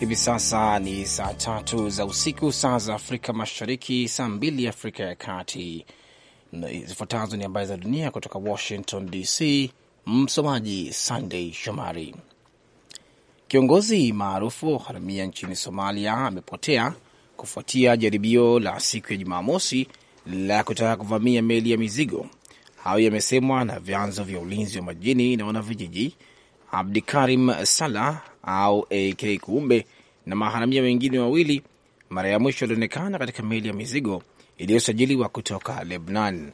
Hivi sasa ni saa tatu za usiku, saa za Afrika Mashariki, saa mbili Afrika ya Kati. Zifuatazo ni habari za dunia kutoka Washington DC. Msomaji sandey Shomari. Kiongozi maarufu wa haramia nchini Somalia amepotea kufuatia jaribio la siku ya Jumamosi la kutaka kuvamia meli ya mizigo. Hayo yamesemwa na vyanzo vya ulinzi wa majini na wanavijiji Abdikarim Salah au AK Kuumbe na maharamia wengine wawili mara ya mwisho alionekana katika meli ya mizigo iliyosajiliwa kutoka Lebanon.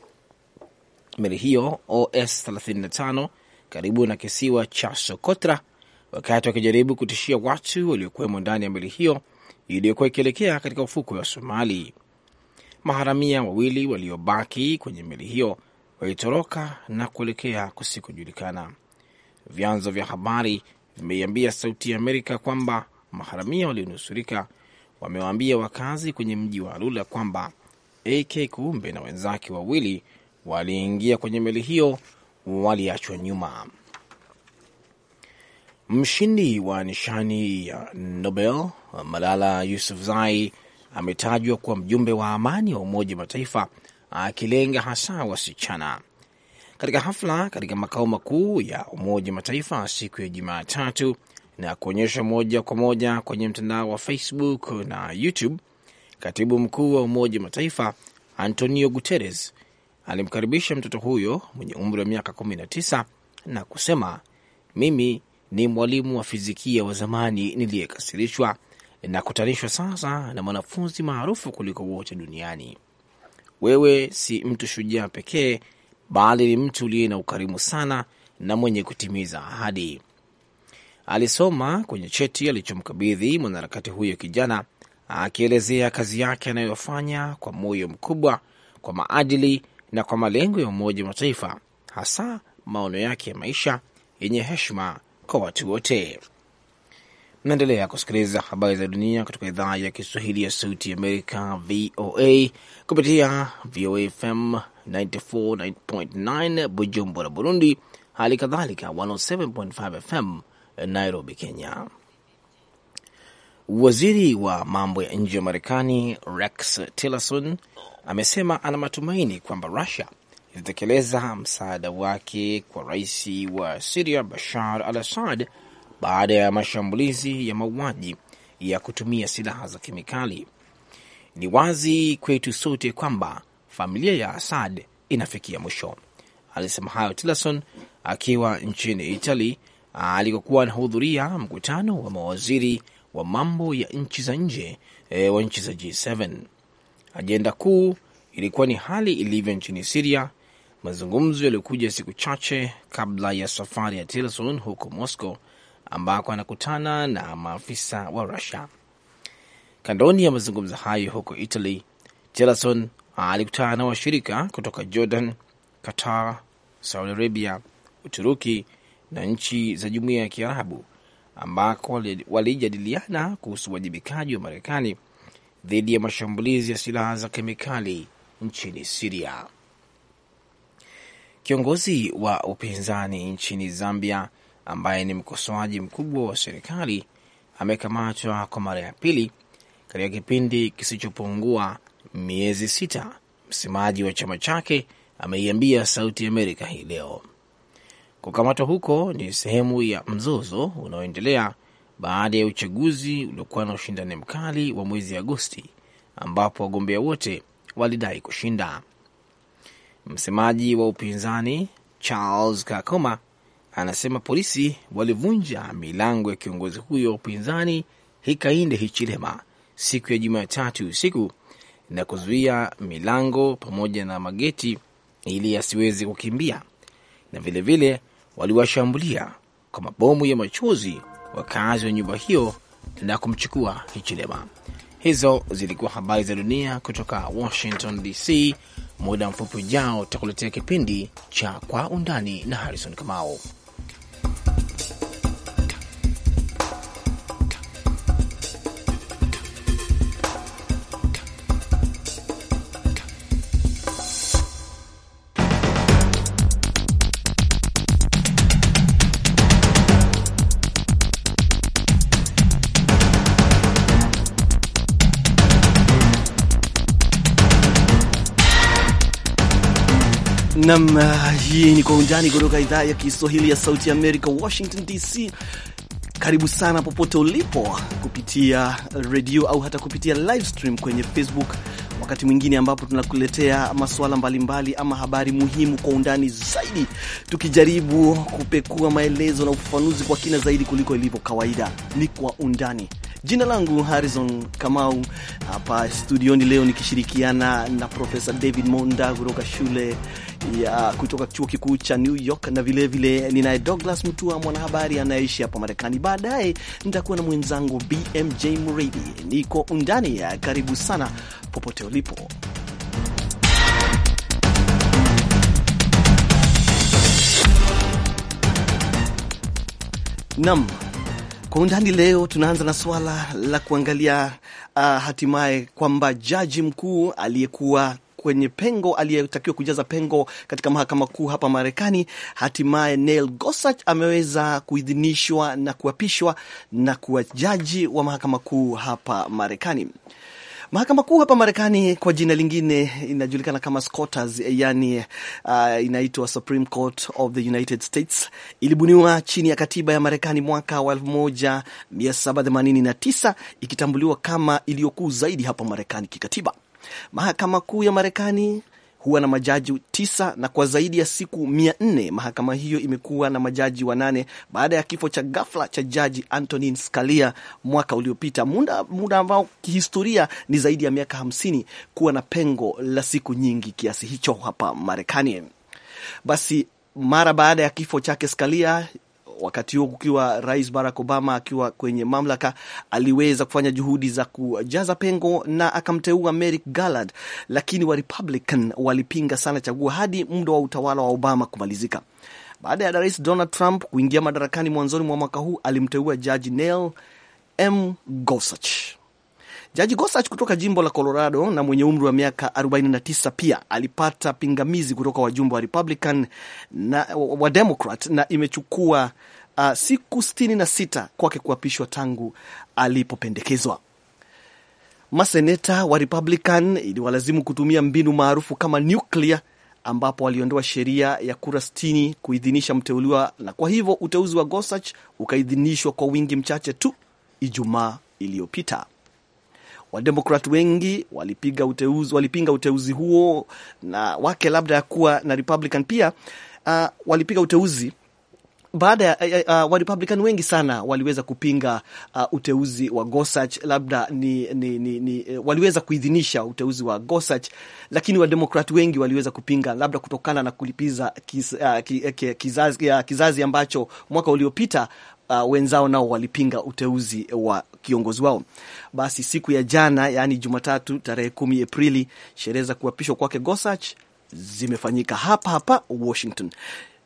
Meli hiyo OS 35 karibu na kisiwa cha Sokotra, wakati wakijaribu kutishia watu waliokuwemo ndani ya meli hiyo iliyokuwa ikielekea katika ufukwe wa Somali. Maharamia wawili waliobaki kwenye meli hiyo walitoroka na kuelekea kusikojulikana. Vyanzo vya habari vimeiambia Sauti ya Amerika kwamba maharamia walionusurika wamewaambia wakazi kwenye mji wa lula kwamba AK Kuumbe na wenzake wawili waliingia kwenye meli hiyo waliachwa nyuma. Mshindi wa nishani ya Nobel Malala Yousafzai ametajwa kuwa mjumbe wa amani wa Umoja wa Mataifa akilenga hasa wasichana katika hafla katika makao makuu ya Umoja Mataifa siku ya Jumatatu na kuonyesha moja kwa moja kwenye mtandao wa Facebook na YouTube. Katibu mkuu wa Umoja Mataifa Antonio Guterres alimkaribisha mtoto huyo mwenye umri wa miaka 19 na kusema, mimi ni mwalimu wa fizikia wa zamani niliyekasirishwa na kutanishwa sasa na mwanafunzi maarufu kuliko wote duniani. Wewe si mtu shujaa pekee bali ni mtu uliye na ukarimu sana na mwenye kutimiza ahadi. Alisoma kwenye cheti alichomkabidhi mwanaharakati huyo kijana, akielezea kazi yake anayofanya kwa moyo mkubwa, kwa maadili na kwa malengo ya Umoja wa Mataifa, hasa maono yake ya maisha yenye heshima kwa watu wote. Naendelea kusikiliza habari za dunia kutoka idhaa ya Kiswahili ya Sauti Amerika, VOA, kupitia VOA FM 94.9 Bujumbura, Burundi, hali kadhalika 107.5 FM Nairobi, Kenya. Waziri wa mambo ya nje wa Marekani Rex Tillerson amesema ana matumaini kwamba Rusia itatekeleza msaada wake kwa rais wa Siria Bashar al Assad baada ya mashambulizi ya mauaji ya kutumia silaha za kemikali. Ni wazi kwetu sote kwamba familia ya Assad inafikia mwisho, alisema hayo Tillerson akiwa nchini Italy alikokuwa anahudhuria mkutano wa mawaziri wa mambo ya nchi za nje e, wa nchi za G7. Ajenda kuu ilikuwa ni hali ilivyo nchini Siria, mazungumzo yaliyokuja siku chache kabla ya safari ya Tillerson huko Moscow ambako anakutana na maafisa wa Rusia. Kandoni ya mazungumzo hayo huko Italy, Tillerson alikutana na washirika kutoka Jordan, Qatar, Saudi Arabia, Uturuki na nchi za Jumuiya ya Kiarabu, ambako walijadiliana kuhusu uwajibikaji wa Marekani dhidi ya mashambulizi ya silaha za kemikali nchini Siria. Kiongozi wa upinzani nchini Zambia ambaye ni mkosoaji mkubwa wa serikali amekamatwa kwa mara ya pili katika kipindi kisichopungua miezi sita. Msemaji wa chama chake ameiambia Sauti Amerika hii leo kukamatwa huko ni sehemu ya mzozo unaoendelea baada ya uchaguzi uliokuwa na ushindani mkali wa mwezi Agosti ambapo wagombea wote walidai kushinda. Msemaji wa upinzani Charles Kakoma anasema polisi walivunja milango ya kiongozi huyo wa upinzani Hikainde Hichilema siku ya Jumatatu usiku na kuzuia milango pamoja na mageti ili asiweze kukimbia, na vilevile waliwashambulia kwa mabomu ya machozi wakazi wa nyumba hiyo na kumchukua Hichilema. Hizo zilikuwa habari za dunia kutoka Washington DC. Muda mfupi ujao utakuletea kipindi cha Kwa Undani na Harrison Kamau. Nam, hii ni Kwa Undani kutoka idhaa ya Kiswahili ya Sauti Amerika, Washington DC. Karibu sana popote ulipo kupitia redio au hata kupitia live stream kwenye Facebook, wakati mwingine ambapo tunakuletea masuala mbalimbali ama habari muhimu kwa undani zaidi, tukijaribu kupekua maelezo na ufafanuzi kwa kina zaidi kuliko ilivyo kawaida. Ni Kwa Undani. Jina langu Harrison Kamau, hapa studioni leo nikishirikiana na Profesa David Monda kutoka shule ya kutoka chuo kikuu cha New York, na vilevile ninaye Douglas Mtua, mwanahabari anayeishi hapa Marekani. Baadaye nitakuwa na mwenzangu BMJ Mredi. Niko undani, karibu sana popote ulipo. Nam kwa undani leo, tunaanza na suala la kuangalia uh, hatimaye kwamba jaji mkuu aliyekuwa kwenye pengo aliyetakiwa kujaza pengo katika mahakama kuu hapa Marekani, hatimaye Neil Gorsuch ameweza kuidhinishwa na kuapishwa na kuwa jaji wa mahakama kuu hapa Marekani. Mahakama kuu hapa Marekani kwa jina lingine inajulikana kama SCOTUS, yani uh, inaitwa Supreme Court of the United States. Ilibuniwa chini ya katiba ya Marekani mwaka wa 1789 ikitambuliwa kama iliyokuu zaidi hapa Marekani kikatiba. Mahakama Kuu ya Marekani huwa na majaji tisa na kwa zaidi ya siku mia nne mahakama hiyo imekuwa na majaji wanane baada ya kifo cha ghafla cha jaji Antonin Scalia mwaka uliopita, muda, muda ambao kihistoria ni zaidi ya miaka hamsini kuwa na pengo la siku nyingi kiasi hicho hapa Marekani. Basi mara baada ya kifo chake Scalia, wakati huo kukiwa Rais Barack Obama akiwa kwenye mamlaka, aliweza kufanya juhudi za kujaza pengo na akamteua Merrick Garland, lakini wa Republican walipinga sana chaguo hadi muda wa utawala wa Obama kumalizika. Baada ya Rais Donald Trump kuingia madarakani mwanzoni mwa mwaka huu, alimteua Jaji Neil M. Gorsuch. Jaji gosach kutoka jimbo la Colorado na mwenye umri wa miaka 49 pia alipata pingamizi kutoka wajumbe wa Republican na wa Democrat na imechukua uh, siku 66 kwake kuapishwa tangu alipopendekezwa. Maseneta wa Republican iliwalazimu kutumia mbinu maarufu kama nuclear ambapo waliondoa sheria ya kura 60 kuidhinisha mteuliwa, na kwa hivyo uteuzi wa Gosach ukaidhinishwa kwa wingi mchache tu Ijumaa iliyopita. Wademokrat wengi walipiga uteuzi, walipinga uteuzi huo na wake labda ya kuwa na Republican pia uh, walipiga uteuzi baada ya eh, eh, uh, Warepublican wengi sana waliweza kupinga uh, uteuzi wa Gosach, labda ni, ni, ni, ni eh, waliweza kuidhinisha uteuzi wa Gosach, lakini Wademokrat wengi waliweza kupinga, labda kutokana na kulipiza kiz, uh, kizazi, uh, kizazi ambacho mwaka uliopita uh, wenzao nao walipinga uteuzi wa kiongozi wao. Basi siku ya jana, yaani Jumatatu tarehe kumi Aprili, sherehe za kuapishwa kwake Gosach zimefanyika hapa hapa Washington.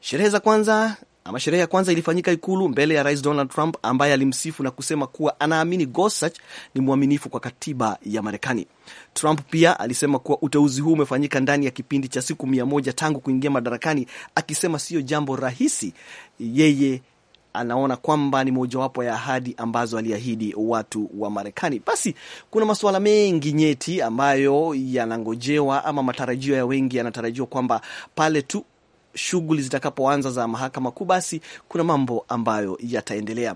Sherehe za kwanza ama sherehe ya kwanza ilifanyika Ikulu mbele ya Rais Donald Trump ambaye alimsifu na kusema kuwa anaamini Gorsuch ni mwaminifu kwa katiba ya Marekani. Trump pia alisema kuwa uteuzi huu umefanyika ndani ya kipindi cha siku mia moja tangu kuingia madarakani, akisema siyo jambo rahisi yeye anaona kwamba ni mojawapo ya ahadi ambazo aliahidi watu wa Marekani. Basi kuna masuala mengi nyeti ambayo yanangojewa ama matarajio ya wengi yanatarajiwa kwamba pale tu shughuli zitakapoanza za mahakama kuu, basi kuna mambo ambayo yataendelea.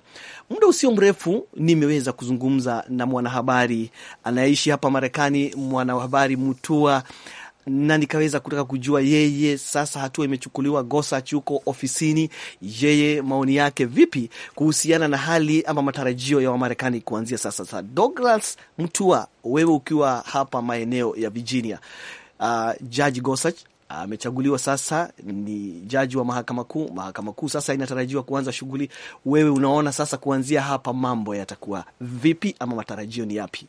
Muda usio mrefu nimeweza kuzungumza na mwanahabari anayeishi hapa Marekani, mwanahabari Mutua na nikaweza kutaka kujua yeye sasa, hatua imechukuliwa, Gosach yuko ofisini, yeye maoni yake vipi kuhusiana na hali ama matarajio ya Wamarekani kuanzia sasa. Sa Douglas Mtua, wewe ukiwa hapa maeneo ya Virginia, uh, Judge Gosach amechaguliwa sasa, ni jaji wa mahakama kuu. Mahakama kuu sasa inatarajiwa kuanza shughuli. Wewe unaona sasa kuanzia hapa mambo yatakuwa vipi ama matarajio ni yapi?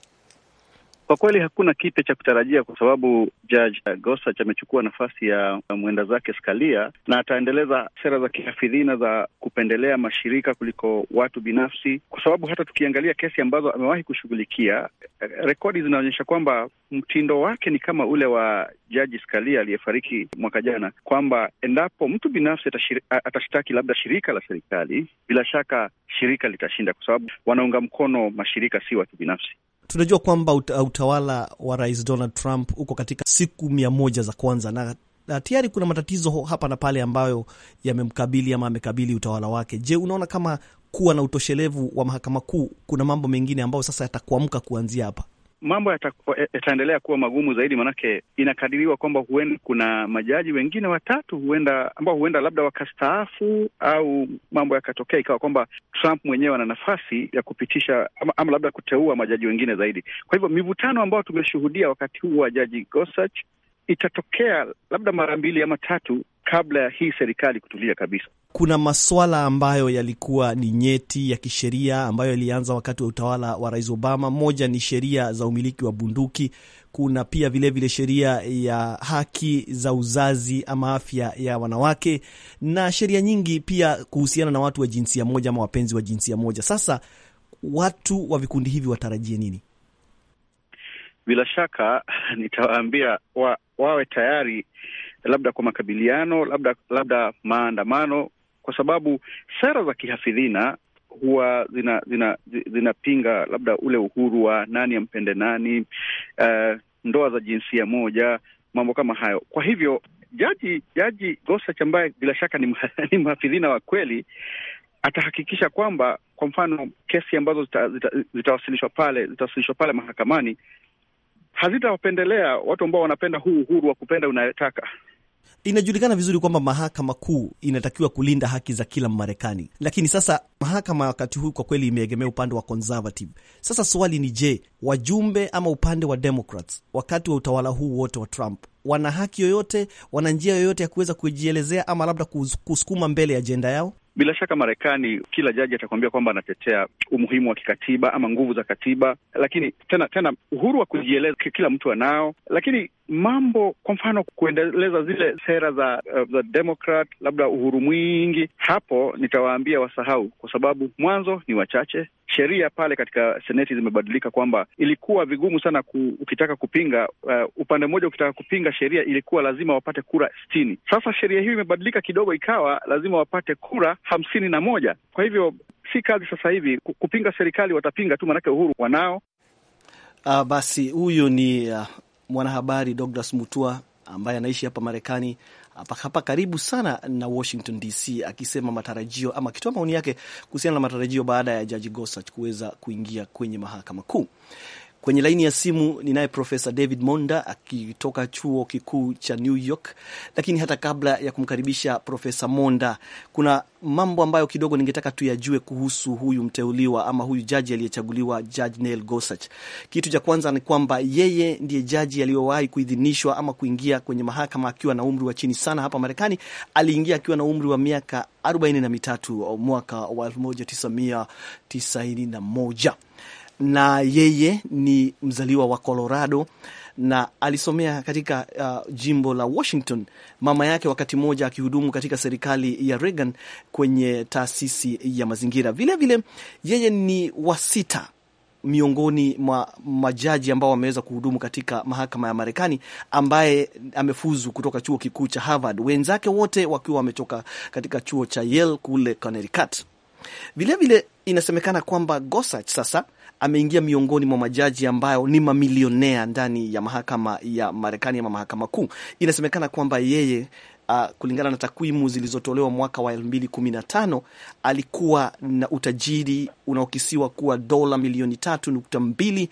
Kwa kweli hakuna kipya cha kutarajia kwa sababu Judge Gorsuch amechukua nafasi ya mwenda zake Scalia na ataendeleza sera za kihafidhina za kupendelea mashirika kuliko watu binafsi, kwa sababu hata tukiangalia kesi ambazo amewahi kushughulikia, rekodi zinaonyesha kwamba mtindo wake ni kama ule wa Jaji Scalia aliyefariki mwaka jana, kwamba endapo mtu binafsi atashtaki labda shirika la serikali, bila shaka shirika litashinda, kwa sababu wanaunga mkono mashirika, si watu binafsi tunajua kwamba utawala wa Rais Donald Trump uko katika siku mia moja za kwanza na na tayari kuna matatizo hapa na pale ambayo yamemkabili ama amekabili utawala wake. Je, unaona kama kuwa na utoshelevu wa mahakama kuu kuna mambo mengine ambayo sasa yatakuamka kuanzia hapa? mambo yataendelea kuwa magumu zaidi, maanake inakadiriwa kwamba huenda kuna majaji wengine watatu huenda ambao huenda labda wakastaafu au mambo yakatokea ikawa kwamba Trump mwenyewe ana nafasi ya kupitisha ama, ama labda kuteua majaji wengine zaidi. Kwa hivyo mivutano ambayo tumeshuhudia wakati huu wa jaji Gorsuch itatokea labda mara mbili ama tatu kabla ya hii serikali kutulia kabisa. Kuna maswala ambayo yalikuwa ni nyeti ya kisheria ambayo yalianza wakati wa utawala wa Rais Obama. Moja ni sheria za umiliki wa bunduki. Kuna pia vilevile sheria ya haki za uzazi ama afya ya wanawake na sheria nyingi pia kuhusiana na watu wa jinsia moja ama wapenzi wa jinsia moja. Sasa watu wa vikundi hivi watarajie nini? bila shaka nitawaambia wa, wawe tayari labda kwa makabiliano, labda labda maandamano, kwa sababu sera za kihafidhina huwa zinapinga zina labda ule uhuru wa nani ampende nani, uh, ndoa za jinsia moja, mambo kama hayo. Kwa hivyo jaji jaji gosach ambaye bila shaka ni, ni mhafidhina wa kweli atahakikisha kwamba kwa mfano kesi ambazo zitawasilishwa zita, zita pale zitawasilishwa pale mahakamani hazitawapendelea watu ambao wanapenda huu uhuru wa kupenda unayotaka. Inajulikana vizuri kwamba mahakama kuu inatakiwa kulinda haki za kila marekani lakini sasa mahakama wakati huu kwa kweli imeegemea upande wa conservative. Sasa swali ni je, wajumbe ama upande wa Democrats wakati wa utawala huu wote wa Trump wana haki yoyote, wana njia yoyote ya kuweza kujielezea ama labda kusukuma mbele ajenda yao? Bila shaka Marekani, kila jaji atakuambia kwamba anatetea umuhimu wa kikatiba ama nguvu za katiba, lakini tena tena uhuru wa kujieleza kila mtu anao, lakini mambo kwa mfano kuendeleza zile sera za uh, za Democrat, labda uhuru mwingi, hapo nitawaambia wasahau, kwa sababu mwanzo ni wachache. Sheria pale katika seneti zimebadilika kwamba ilikuwa vigumu sana ku, ukitaka kupinga uh, upande mmoja, ukitaka kupinga sheria ilikuwa lazima wapate kura sitini. Sasa sheria hiyo imebadilika kidogo, ikawa lazima wapate kura hamsini na moja. Kwa hivyo si kazi sasa hivi kupinga serikali, watapinga tu, maanake uhuru wanao. Uh, basi huyu ni uh, mwanahabari Douglas Mutua ambaye anaishi hapa Marekani hapa karibu sana na Washington DC, akisema matarajio ama akitoa maoni yake kuhusiana na matarajio baada ya Jaji Gosach kuweza kuingia kwenye mahakama kuu. Kwenye laini ya simu ninaye Profesa David Monda akitoka chuo kikuu cha New York. Lakini hata kabla ya kumkaribisha Profesa Monda, kuna mambo ambayo kidogo ningetaka tuyajue kuhusu huyu mteuliwa ama huyu jaji aliyechaguliwa, Judge Neil Gorsuch. Kitu cha ja kwanza ni kwamba yeye ndiye jaji aliyowahi kuidhinishwa ama kuingia kwenye mahakama akiwa na umri wa chini sana hapa Marekani. Aliingia akiwa na umri wa miaka arobaini na mitatu mwaka wa 1991 na yeye ni mzaliwa wa Colorado na alisomea katika uh, jimbo la Washington. Mama yake wakati mmoja akihudumu katika serikali ya Reagan kwenye taasisi ya mazingira. Vilevile vile, yeye ni wasita miongoni mwa majaji ambao wameweza kuhudumu katika mahakama ya Marekani, ambaye amefuzu kutoka chuo kikuu cha Harvard, wenzake wote wakiwa wametoka katika chuo cha Yale kule Connecticut. Vilevile inasemekana kwamba Gosach sasa ameingia miongoni mwa majaji ambayo ni mamilionea ndani ya mahakama ya Marekani ama mahakama kuu. Inasemekana kwamba yeye uh, kulingana na takwimu zilizotolewa mwaka wa 2015 alikuwa na utajiri unaokisiwa kuwa dola milioni 3.2 uh,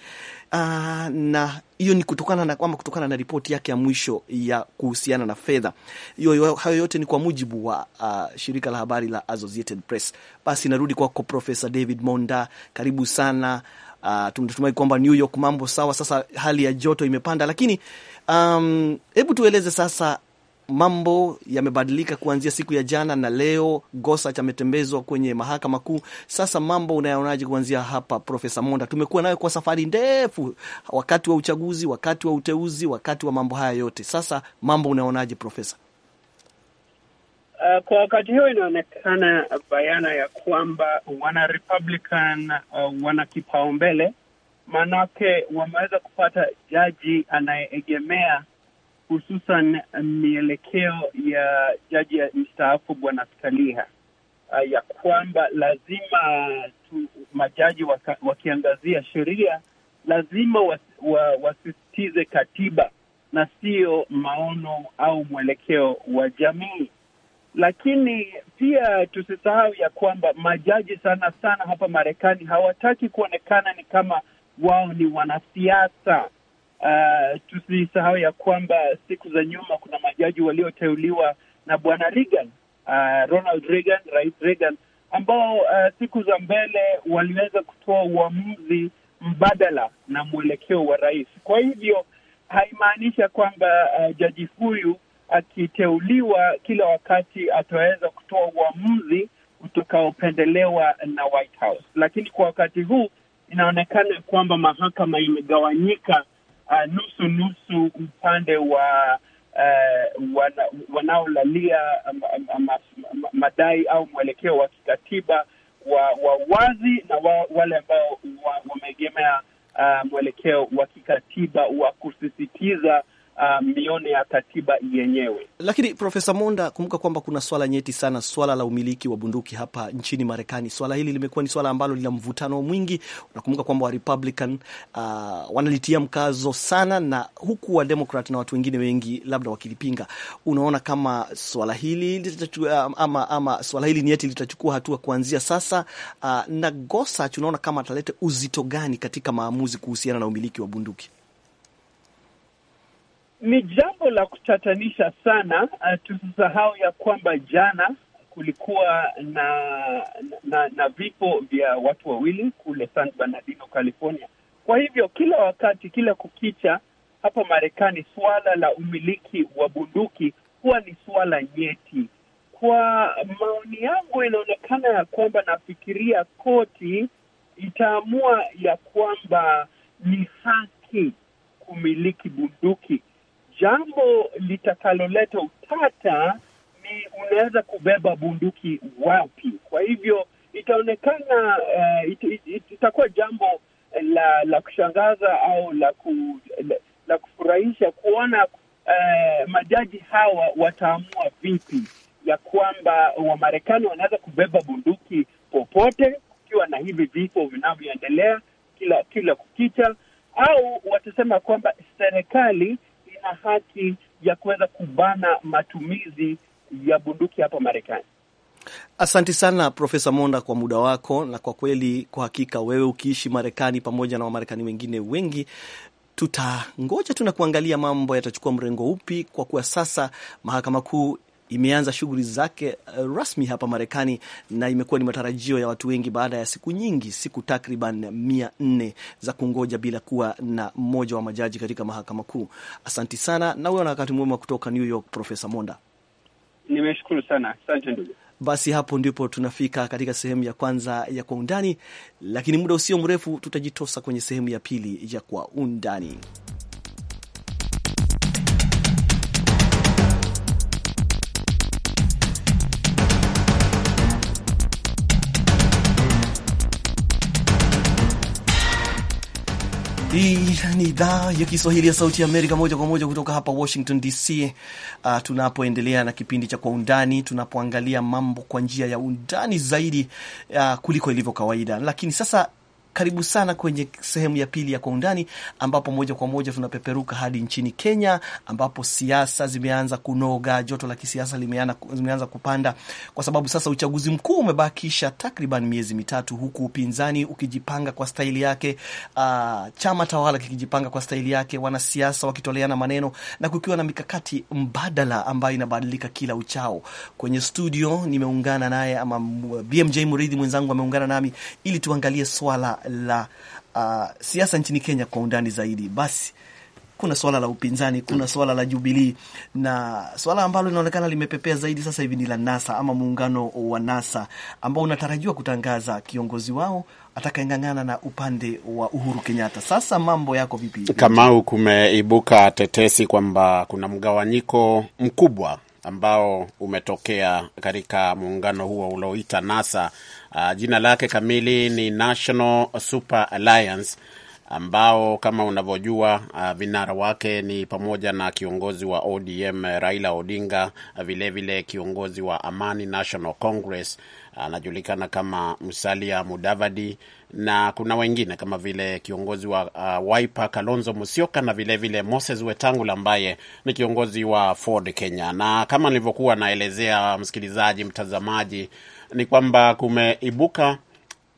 ah, na hiyo ni kutokana na kwamba kutokana na ripoti yake ya mwisho ya kuhusiana na fedha hiyo. Hayo yote ni kwa mujibu wa uh, shirika la habari la Associated Press. Basi narudi kwako Profesa David Monda, karibu sana. Uh, tunatumai kwamba New York mambo sawa, sasa hali ya joto imepanda, lakini um, hebu tueleze sasa mambo yamebadilika kuanzia siku ya jana na leo. Gosa ametembezwa kwenye mahakama kuu. Sasa mambo unayaonaje kuanzia hapa, Profesa Monda? Tumekuwa nayo kwa safari ndefu, wakati wa uchaguzi, wakati wa uteuzi, wakati wa mambo haya yote. Sasa mambo unayaonaje, Profesa? Uh, kwa wakati huo inaonekana bayana ya kwamba wana Republican uh, wana kipaumbele, maanake wameweza kupata jaji anayeegemea hususan mielekeo ya jaji ya mstaafu Bwana Skaliha ah, ya kwamba lazima tu, majaji waka, wakiangazia sheria lazima was, wa, wasisitize katiba na sio maono au mwelekeo wa jamii. Lakini pia tusisahau ya kwamba majaji sana sana hapa Marekani hawataki kuonekana ni kama wao ni wanasiasa Uh, tusisahau ya kwamba siku za nyuma kuna majaji walioteuliwa na bwana Reagan, uh, Ronald Reagan, Rais Reagan ambao uh, siku za mbele waliweza kutoa uamuzi mbadala na mwelekeo wa rais. Kwa hivyo haimaanisha kwamba uh, jaji huyu akiteuliwa kila wakati ataweza kutoa uamuzi utakaopendelewa na White House, lakini kwa wakati huu inaonekana kwamba mahakama imegawanyika uh, nusu nusu upande wa uh, wana, wanaolalia madai au mwelekeo wa kikatiba wa, wa wazi na wa, wale ambao wameegemea wa uh, mwelekeo wa kikatiba wa kusisitiza Uh, mione ya katiba yenyewe. Lakini Profesa Monda, kumbuka kwamba kuna swala nyeti sana, swala la umiliki wa bunduki hapa nchini Marekani. Swala hili limekuwa ni swala ambalo lina mvutano mwingi. Unakumbuka kwamba wa Republican uh, wanalitia mkazo sana, na huku wa Democrat na watu wengine wengi labda wakilipinga. Unaona kama swala hili uh, ama, ama swala hili nyeti litachukua hatua kuanzia sasa uh, na Gosach, unaona kama ataleta uzito gani katika maamuzi kuhusiana na umiliki wa bunduki? Ni jambo la kutatanisha sana. Eh, tusisahau ya kwamba jana kulikuwa na na, na vifo vya watu wawili kule San Bernardino, California. Kwa hivyo kila wakati, kila kukicha, hapa Marekani suala la umiliki wa bunduki huwa ni suala nyeti. Kwa maoni yangu, inaonekana ya kwamba nafikiria koti itaamua ya kwamba ni haki kumiliki bunduki jambo litakaloleta utata ni unaweza kubeba bunduki wapi. Kwa hivyo itaonekana uh, it, it, it, itakuwa jambo eh, la la kushangaza au la, ku, la, la kufurahisha kuona uh, majaji hawa wataamua vipi ya kwamba Wamarekani wanaweza kubeba bunduki popote, kukiwa na hivi vifo vinavyoendelea kila kila kukicha, au watasema kwamba serikali hawana hati ya kuweza kubana matumizi ya bunduki hapa Marekani. Asante sana Profesa Monda kwa muda wako, na kwa kweli, kwa hakika wewe ukiishi Marekani pamoja na Wamarekani wengine wengi tutangoja tuna kuangalia mambo yatachukua mrengo upi, kwa kuwa sasa mahakama kuu imeanza shughuli zake uh, rasmi hapa Marekani, na imekuwa ni matarajio ya watu wengi baada ya siku nyingi, siku takriban mia nne za kungoja bila kuwa na mmoja wa majaji katika mahakama kuu. Asanti sana na uwe na wakati mwema kutoka New York, Profesa Monda. Nimeshukuru sana, asante ndugu. Basi hapo ndipo tunafika katika sehemu ya kwanza ya Kwa Undani, lakini muda usio mrefu tutajitosa kwenye sehemu ya pili ya Kwa Undani. Hii ni idhaa ya Kiswahili ya Sauti ya Amerika, moja kwa moja kutoka hapa Washington DC. Uh, ah, tunapoendelea na kipindi cha Kwa Undani, tunapoangalia mambo kwa njia ya undani zaidi uh, kuliko ilivyo kawaida. Lakini sasa karibu sana kwenye sehemu ya pili ya Kwa Undani, ambapo moja kwa moja tunapeperuka hadi nchini Kenya, ambapo siasa zimeanza kunoga. Joto la kisiasa limeanza kupanda kwa sababu sasa uchaguzi mkuu umebakisha takriban miezi mitatu, huku upinzani ukijipanga kwa staili yake, uh, chama tawala kikijipanga kwa staili yake, wanasiasa wakitoleana maneno na kukiwa na mikakati mbadala ambayo inabadilika kila uchao. Kwenye studio nimeungana naye ama BMJ Muridhi mwenzangu ameungana nami ili tuangalie swala la uh, siasa nchini Kenya kwa undani zaidi, basi kuna swala la upinzani, kuna swala la Jubilii na swala ambalo linaonekana limepepea zaidi sasa hivi ni la NASA ama muungano wa NASA ambao unatarajiwa kutangaza kiongozi wao atakayeng'ang'ana na upande wa Uhuru Kenyatta. Sasa mambo yako vipi? Kamau, kumeibuka tetesi kwamba kuna mgawanyiko mkubwa ambao umetokea katika muungano huo ulioita NASA. Uh, jina lake kamili ni National Super Alliance ambao kama unavyojua uh, vinara wake ni pamoja na kiongozi wa ODM Raila Odinga, vilevile vile kiongozi wa Amani National Congress anajulikana kama Musalia Mudavadi na kuna wengine kama vile kiongozi wa uh, Wiper Kalonzo Musyoka na vile vile Moses Wetangula ambaye ni kiongozi wa Ford Kenya. Na kama nilivyokuwa naelezea msikilizaji, mtazamaji, ni kwamba kumeibuka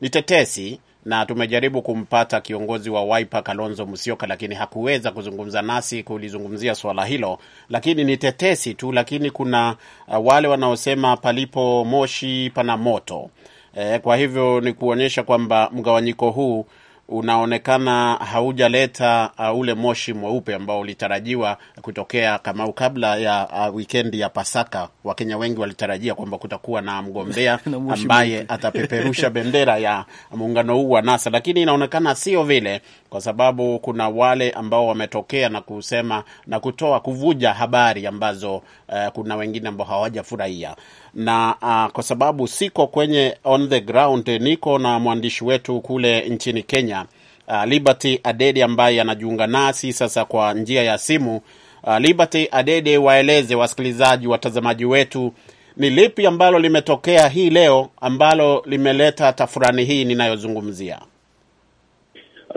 ni tetesi na tumejaribu kumpata kiongozi wa Wiper Kalonzo Musyoka, lakini hakuweza kuzungumza nasi kulizungumzia swala hilo, lakini ni tetesi tu. Lakini kuna uh, wale wanaosema palipo moshi pana moto. E, kwa hivyo ni kuonyesha kwamba mgawanyiko huu unaonekana haujaleta uh, ule moshi mweupe ambao ulitarajiwa kutokea Kamau kabla ya uh, wikendi ya Pasaka. Wakenya wengi walitarajia kwamba kutakuwa na mgombea ambaye atapeperusha bendera ya muungano huu wa NASA, lakini inaonekana sio vile, kwa sababu kuna wale ambao wametokea na kusema na kutoa kuvuja habari ambazo uh, kuna wengine ambao hawajafurahia na uh, kwa sababu siko kwenye on the ground, niko na mwandishi wetu kule nchini Kenya uh, Liberty Adede ambaye anajiunga nasi sasa kwa njia ya simu. Uh, Liberty Adede, waeleze wasikilizaji, watazamaji wetu ni lipi ambalo limetokea hii leo ambalo limeleta tafurani hii ninayozungumzia?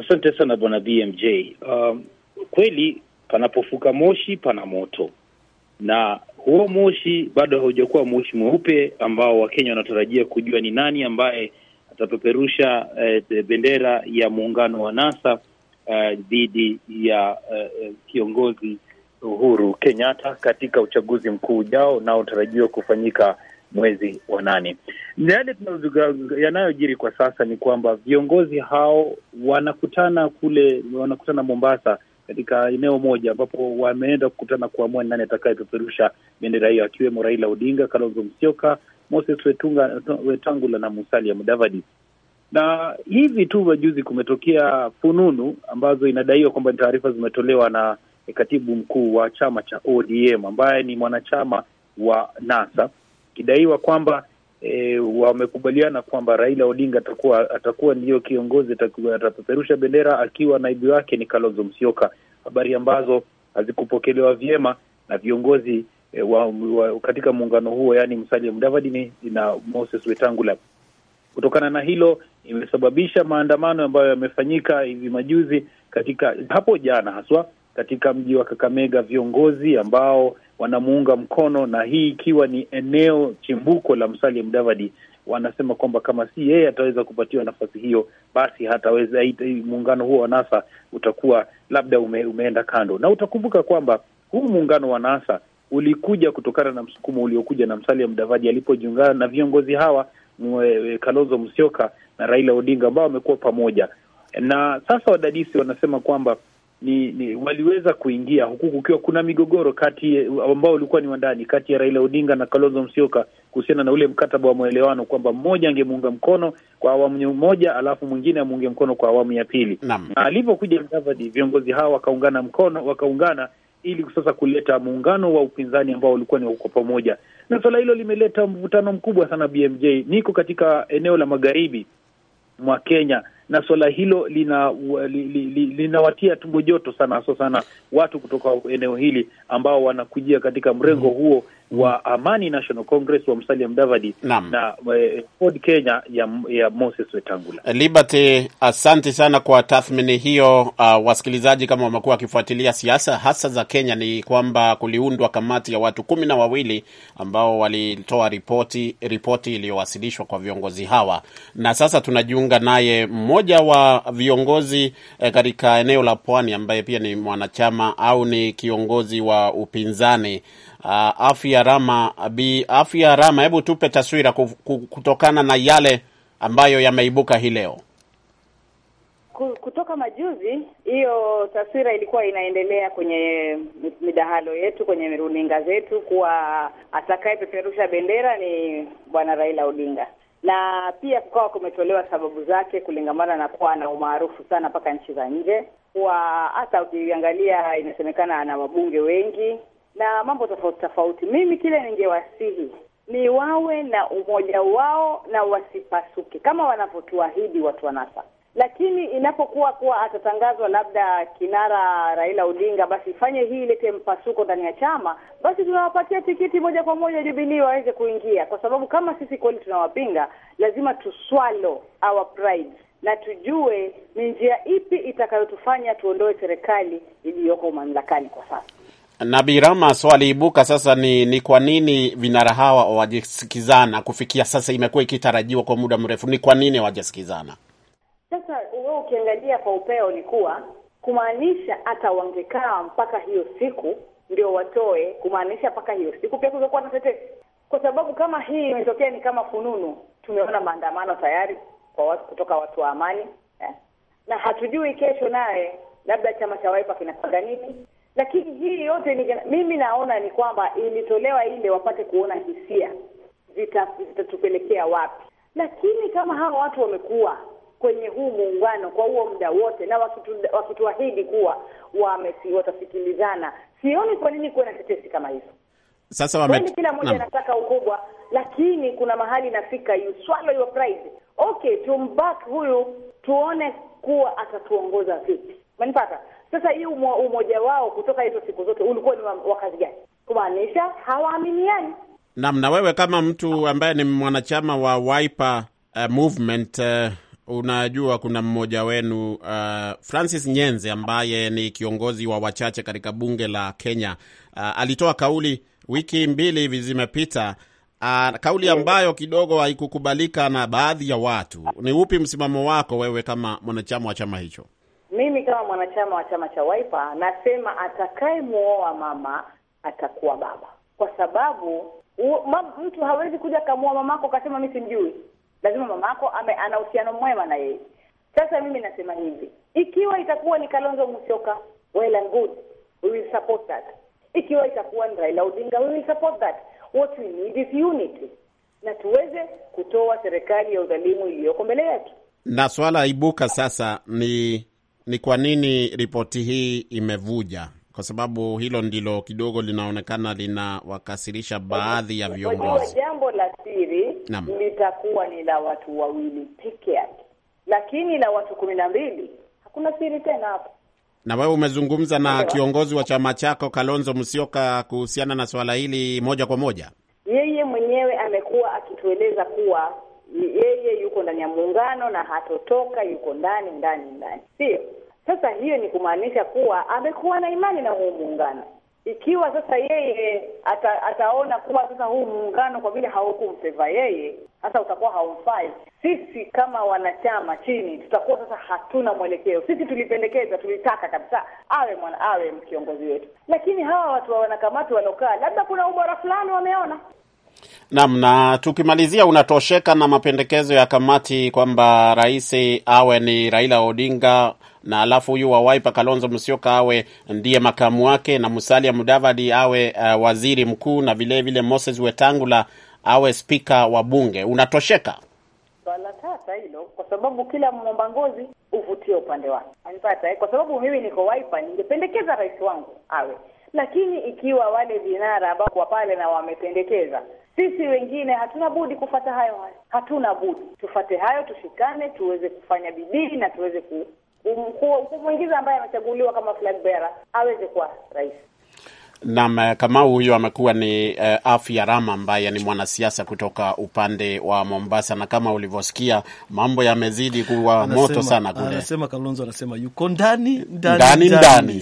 Asante sana bwana BMJ. Um, kweli panapofuka moshi pana moto, na huo moshi bado haujakuwa moshi mweupe ambao Wakenya wanatarajia kujua ni nani ambaye atapeperusha eh, bendera ya muungano wa NASA eh, dhidi eh, ya eh, kiongozi Uhuru Kenyatta katika uchaguzi mkuu ujao unaotarajiwa kufanyika mwezi wa nane. Yale yanayojiri kwa sasa ni kwamba viongozi hao wanakutana kule, wanakutana Mombasa katika eneo moja ambapo wameenda kukutana kuamua nani atakayepeperusha bendera hiyo, akiwemo Raila Odinga, Kalonzo Musyoka, Moses Wetunga, Wetangula na Musalia Mudavadi. Na hivi tu juzi kumetokea fununu ambazo inadaiwa kwamba ni taarifa zimetolewa na katibu mkuu wa chama cha ODM ambaye ni mwanachama wa NASA, ikidaiwa kwamba e, wamekubaliana kwamba Raila Odinga atakuwa atakuwa ndiyo kiongozi, atapeperusha bendera akiwa naibu wake ni Kalonzo Musyoka, habari ambazo hazikupokelewa vyema na viongozi e, wa, wa, katika muungano huo, yaani Musalia Mudavadi na Moses Wetangula. Kutokana na hilo imesababisha maandamano ambayo yamefanyika hivi majuzi katika hapo jana haswa katika mji wa Kakamega viongozi ambao wanamuunga mkono, na hii ikiwa ni eneo chimbuko la Musalia Mudavadi, wanasema kwamba kama si yeye ataweza kupatiwa nafasi hiyo, basi hataweza. Muungano huo wa NASA utakuwa labda ume, umeenda kando, na utakumbuka kwamba huu muungano wa NASA ulikuja kutokana na msukumo uliokuja na Musalia Mudavadi alipojiungana na viongozi hawa mwe, e, Kalonzo Musyoka na Raila Odinga ambao wamekuwa pamoja, na sasa wadadisi wanasema kwamba ni, ni waliweza kuingia huku kukiwa kuna migogoro kati ambao ulikuwa ni wa ndani kati ya Raila Odinga na Kalonzo Musyoka kuhusiana na ule mkataba wa mwelewano kwamba mmoja angemuunga mkono kwa awamu moja alafu mwingine amuunge mkono kwa awamu ya pili. Na alipokuja Mdavadi, viongozi hawa wakaungana mkono wakaungana ili sasa kuleta muungano wa upinzani ambao ulikuwa ni wa pamoja, na swala hilo limeleta mvutano mkubwa sana. BMJ, niko katika eneo la magharibi mwa Kenya na suala hilo linawatia li, li, lina tumbo joto sana, hasa sana watu kutoka eneo hili ambao wanakujia katika mrengo mhm. huo wa Amani National Congress wa Musalia Mudavadi na eh, Ford Kenya ya, ya Moses Wetangula. Liberty, asante sana kwa tathmini hiyo. Uh, wasikilizaji kama wamekuwa wakifuatilia siasa hasa za Kenya, ni kwamba kuliundwa kamati ya watu kumi na wawili ambao walitoa ripoti ripoti iliyowasilishwa kwa viongozi hawa, na sasa tunajiunga naye mmoja wa viongozi eh, katika eneo la Pwani ambaye pia ni mwanachama au ni kiongozi wa upinzani Ah, afya rama. Bi afya rama, hebu tupe taswira kutokana na yale ambayo yameibuka hii leo kutoka majuzi. Hiyo taswira ilikuwa inaendelea kwenye midahalo yetu, kwenye runinga zetu, kuwa atakayepeperusha bendera ni bwana Raila Odinga na pia kukawa kumetolewa sababu zake kulingamana na kuwa ana umaarufu sana mpaka nchi za nje, kuwa hata ukiangalia, inasemekana ana wabunge wengi na mambo tofauti tofauti. Mimi kile ningewasihi ni wawe na umoja wao na wasipasuke kama wanavyotuahidi watu wa NASA, lakini inapokuwa kuwa atatangazwa labda kinara Raila Odinga, basi ifanye hii ilete mpasuko ndani ya chama, basi tunawapatia tikiti moja kwa moja jubilii waweze kuingia, kwa sababu kama sisi kweli tunawapinga, lazima tuswalo our pride na tujue ni njia ipi itakayotufanya tuondoe serikali iliyoko mamlakani kwa sasa na rama swali ibuka sasa ni, ni kwa nini vinara hawa hawajasikizana kufikia sasa? Imekuwa ikitarajiwa kwa muda mrefu, ni kwa nini hawajasikizana? Sasa wewe ukiangalia kwa upeo ni kuwa kumaanisha hata wangekaa mpaka hiyo siku ndio watoe, kumaanisha mpaka hiyo siku pia kuzokuwa na tetesi, kwa sababu kama hii imetokea ni kama fununu. Tumeona maandamano tayari kwa watu kutoka watu wa amani eh, na hatujui kesho naye labda chama cha Waipa kinapanga nini lakini hii yote ni, mimi naona ni kwamba ilitolewa ile wapate kuona hisia zitatupelekea wapi, lakini kama hawa watu wamekuwa kwenye huu muungano kwa huo muda wote na wakituahidi kuwa watasikilizana, sioni kwa nini kuwe na tetesi kama hizo. Sasa wame kila mmoja anataka ukubwa, lakini kuna mahali inafika you swallow your pride. Okay, tumbak huyu tuone kuwa atatuongoza vipi, umenipata? Sasa hii umo, umoja wao kutoka hizo siku zote ulikuwa ni wa kazi gani? Kumaanisha hawaaminiani. Naam. Na wewe kama mtu ambaye ni mwanachama wa Wiper uh, movement uh, unajua kuna mmoja wenu uh, Francis Nyenze ambaye ni kiongozi wa wachache katika bunge la Kenya uh, alitoa kauli wiki mbili hivi zimepita uh, kauli ambayo kidogo haikukubalika na baadhi ya watu. Ni upi msimamo wako wewe kama mwanachama wa chama hicho? Mimi kama mwanachama wa chama cha Wiper nasema atakayemwoa mama atakuwa baba, kwa sababu u, mam, mtu hawezi kuja akamwoa mamako akasema mi simjui. Lazima mamako ana uhusiano mwema na yeye. Sasa mimi nasema hivi, ikiwa itakuwa ni Kalonzo Musyoka, well and good, we will support that. Ikiwa itakuwa ni Raila Odinga, we will support that. What we need is unity, na tuweze kutoa serikali ya udhalimu iliyoko mbele yetu. Na swala ibuka sasa ni ni kwa nini ripoti hii imevuja? Kwa sababu hilo ndilo kidogo linaonekana linawakasirisha baadhi ya viongozi. Jambo la siri litakuwa ni la watu wawili peke yake, lakini la watu kumi na mbili hakuna siri tena hapo. Na wewe umezungumza na kiongozi wa chama chako Kalonzo Musyoka kuhusiana na swala hili moja kwa moja? Yeye mwenyewe amekuwa akitueleza kuwa yeye yuko ndani ya muungano na hatotoka, yuko ndani ndani ndani, sio? Sasa hiyo ni kumaanisha kuwa amekuwa na imani na huu muungano. Ikiwa sasa yeye ata, ataona kuwa sasa huu muungano kwa vile haukumfeva yeye, sasa utakuwa haumfai. Sisi kama wanachama chini tutakuwa sasa hatuna mwelekeo. Sisi tulipendekeza, tulitaka kabisa awe mwana, awe kiongozi wetu, lakini hawa watu wa wanakamati waliokaa, labda kuna ubora fulani wameona Naam, na tukimalizia, unatosheka na mapendekezo ya kamati kwamba rais awe ni Raila Odinga na alafu huyu wa Wiper Kalonzo Musyoka awe ndiye makamu wake na Musalia Mudavadi awe uh, waziri mkuu na vilevile vile Moses Wetangula awe spika wa bunge. Unatosheka swala tata hilo, kwa sababu kila mwomba ngozi huvutia upande wake, anipata eh? Kwa sababu mimi niko Wiper, ningependekeza rais wangu awe, lakini ikiwa wale vinara ambao kwa pale na wamependekeza sisi wengine hatuna budi kufata hayo hayo, hatuna budi tufate hayo, tushikane, tuweze kufanya bidii na tuweze kumwingiza ambaye amechaguliwa kama flag bearer aweze kuwa rais. Nam Kamau huyo amekuwa ni uh, eh, Afya Rama ambaye ni mwanasiasa kutoka upande wa Mombasa, na kama ulivyosikia mambo yamezidi kuwa anasema, moto sana kule. Anasema Kalonzo anasema yuko ndani ndani ndani,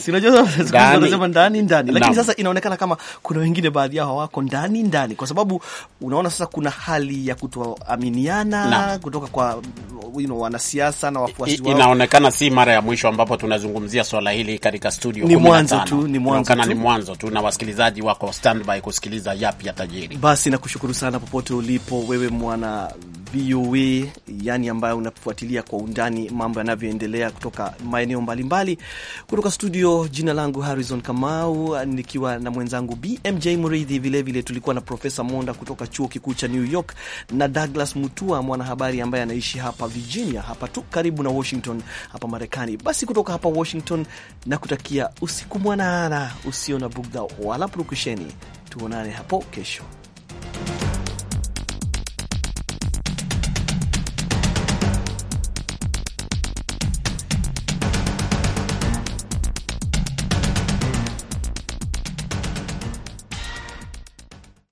anasema ndani ndani, lakini sasa inaonekana kama kuna wengine baadhi yao hawako ndani ndani, kwa sababu unaona sasa kuna hali ya kutoaminiana kutoka kwa you know, wanasiasa na wafuasi wao. Inaonekana si mara ya mwisho ambapo tunazungumzia swala hili katika studio. Ni mwanzo tu, ni mwanzo tu, ni mwanzo tu, na wasikilizaji wako standby kusikiliza yapi ya tajiri. Basi nakushukuru sana popote ulipo wewe mwana VOA, yani ambayo unafuatilia kwa undani mambo yanavyoendelea kutoka maeneo mbalimbali kutoka studio. Jina langu Harrison Kamau, nikiwa na mwenzangu BMJ Mridhi. Vilevile tulikuwa na Profesa Monda kutoka chuo kikuu cha New York na Douglas Mutua, mwanahabari ambaye anaishi hapa Virginia, hapa tu karibu na Washington, hapa Marekani. Basi kutoka hapa Washington na kutakia usiku mwanana usio na bugdha wala prukusheni. Tuonane hapo kesho.